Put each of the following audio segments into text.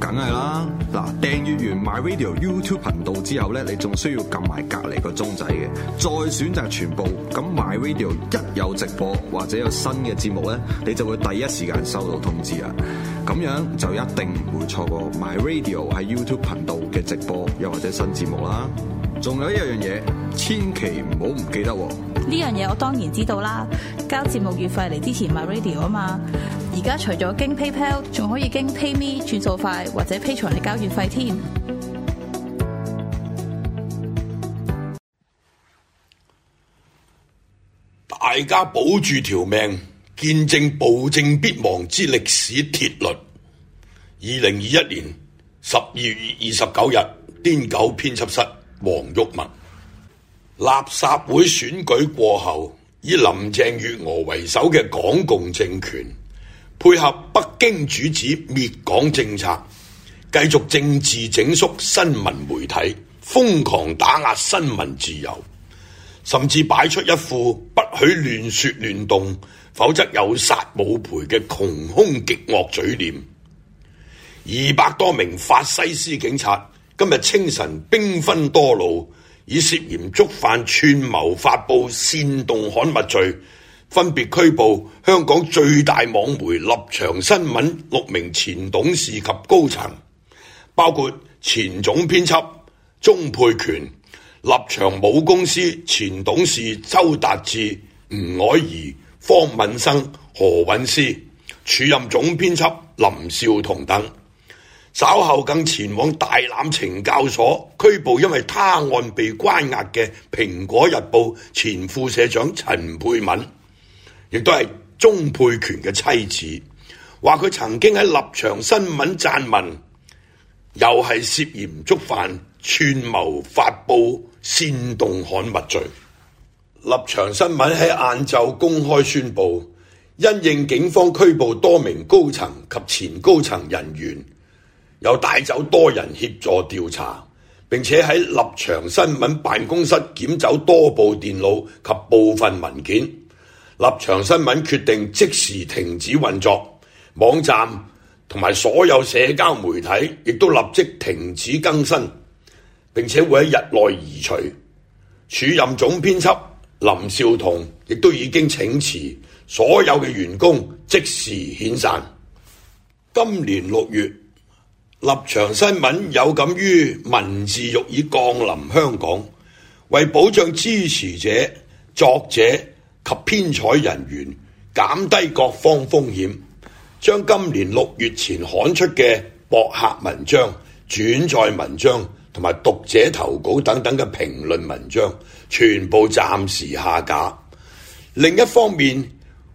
梗係啦，嗱，訂閱完 My Radio YouTube 頻道之後咧，你仲需要撳埋隔籬個鐘仔嘅，再選擇全部，咁 My Radio 一有直播或者有新嘅節目咧，你就會第一時間收到通知啦！咁樣就一定唔會錯過 My Radio 喺 YouTube 頻道嘅直播又或者新節目啦。仲有一樣嘢，千祈唔好唔記得喎！呢樣嘢我當然知道啦，交節目月費嚟支持 My Radio 啊嘛。而家除咗經 PayPal，仲可以經 PayMe 轉數快，或者 Patreon 交月費添。大家保住條命，見證暴政必亡之歷史鐵律。二零二一年十二月二十九日，癲狗編輯室，黃毓民。垃圾會選舉過後，以林鄭月娥為首嘅港共政權，配合北京主子滅港政策，繼續政治整肅新聞媒體，瘋狂打壓新聞自由，甚至擺出一副不許亂說亂動，否則有殺無賠嘅窮凶極惡嘴臉。二百多名法西斯警察今日清晨兵分多路，以涉嫌觸犯串謀發布煽動刊物罪。分別拘捕香港最大網媒立場新聞六名前董事及高層，包括前總編輯鍾沛權、立場母公司前董事周達智、吳靄儀、方敏生、何韻詩，署任總編輯林紹桐等。稍後更前往大欖懲教所拘捕因為他案被關押嘅《蘋果日報》前副社長陳沛敏。亦都係鍾佩權嘅妻子，話佢曾經喺立場新聞撰文，又係涉嫌觸犯串謀發布煽動刊物罪。立場新聞喺晏晝公開宣布，因應警方拘捕多名高層及前高層人員，又帶走多人協助調查，並且喺立場新聞辦公室檢走多部電腦及部分文件。立場新聞決定即時停止運作，網站同埋所有社交媒體亦都立即停止更新，並且會喺日內移除。署任總編輯林少彤亦都已經請辭，所有嘅員工即時遣散。今年六月，立場新聞有感於文字獄已降臨香港，為保障支持者、作者。及編採人員減低各方風險，將今年六月前刊出嘅博客文章、轉載文章同埋讀者投稿等等嘅評論文章全部暫時下架。另一方面，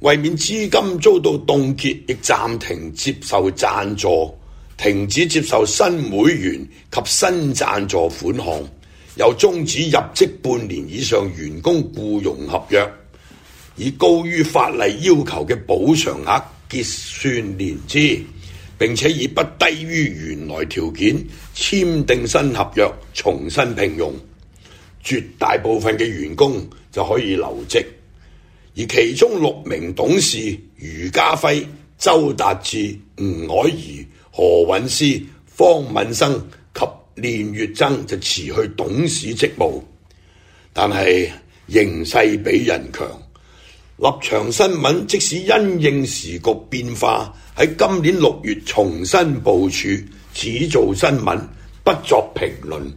為免資金遭到凍結，亦暫停接受贊助，停止接受新會員及新贊助款項，又終止入職半年以上員工僱傭合約。以高於法例要求嘅補償額結算年資，並且以不低於原來條件簽訂新合約，重新聘用絕大部分嘅員工就可以留職。而其中六名董事余家輝、周達智、吳靄儀、何韻詩、方敏生及練乙錚就辭去董事職務。但係形勢比人強。立場新聞即使因應時局變化，喺今年六月重新部署，只做新聞不作評論，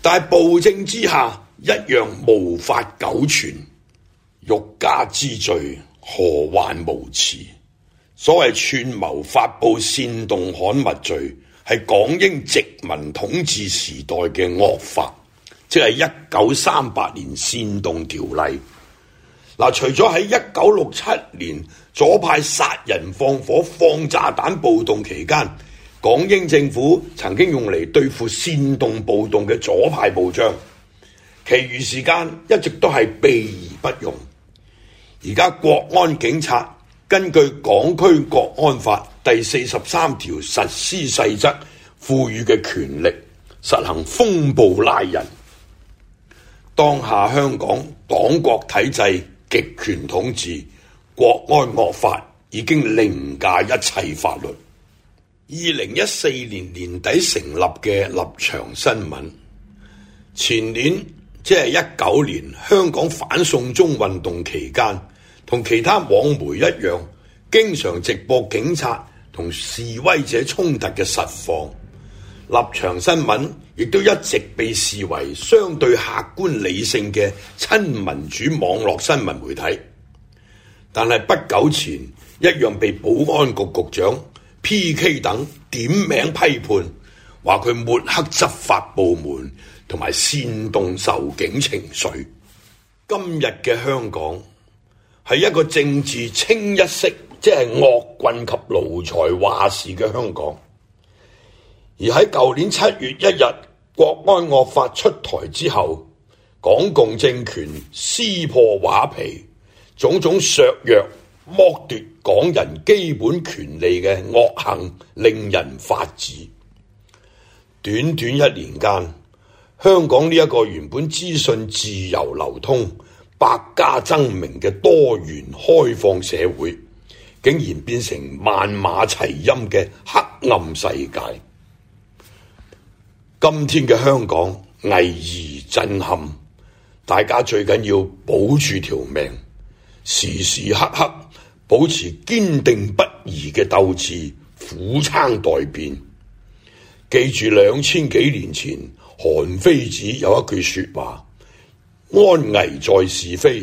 但係暴政之下一樣無法久存。欲加之罪，何患無辭？所謂串謀發布煽動刊物罪，係港英殖民統治時代嘅惡法，即係一九三八年煽動條例。嗱，除咗喺一九六七年左派殺人放火放炸彈暴動期間，港英政府曾經用嚟對付煽動暴動嘅左派部將，其餘時間一直都係避而不用。而家國安警察根據《港區國安法》第四十三條實施細則賦予嘅權力，實行風暴拉人。當下香港黨國體制，極權統治、國安惡法已經凌駕一切法律。二零一四年年底成立嘅立場新聞，前年即係一九年香港反送中運動期間，同其他網媒一樣，經常直播警察同示威者衝突嘅實況。立場新聞亦都一直被視為相對客觀理性嘅親民主網絡新聞媒體，但係不久前一樣被保安局局長 PK 等點名批判，話佢抹黑執法部門同埋煽動仇警情緒。今日嘅香港係一個政治清一色，即係惡棍及奴才話事嘅香港。而喺舊年七月一日國安惡法出台之後，港共政權撕破畫皮，種種削弱剝奪港人基本權利嘅惡行令人發指。短短一年間，香港呢一個原本資訊自由流通、百家爭鳴嘅多元開放社會，竟然變成萬馬齊喑嘅黑暗世界。今天嘅香港危而震撼，大家最緊要保住條命，時時刻刻保持堅定不移嘅鬥志，苦撐待變。記住兩千幾年前韓非子有一句說話：安危在是非，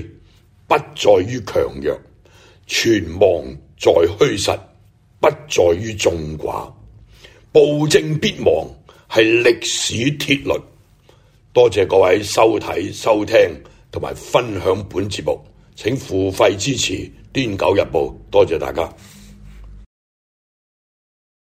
不在於強弱；存亡在虛實，不在於眾寡。暴政必亡。係歷史鐵律。多謝各位收睇、收聽同埋分享本節目。請付費支持《癲狗日報》。多謝大家。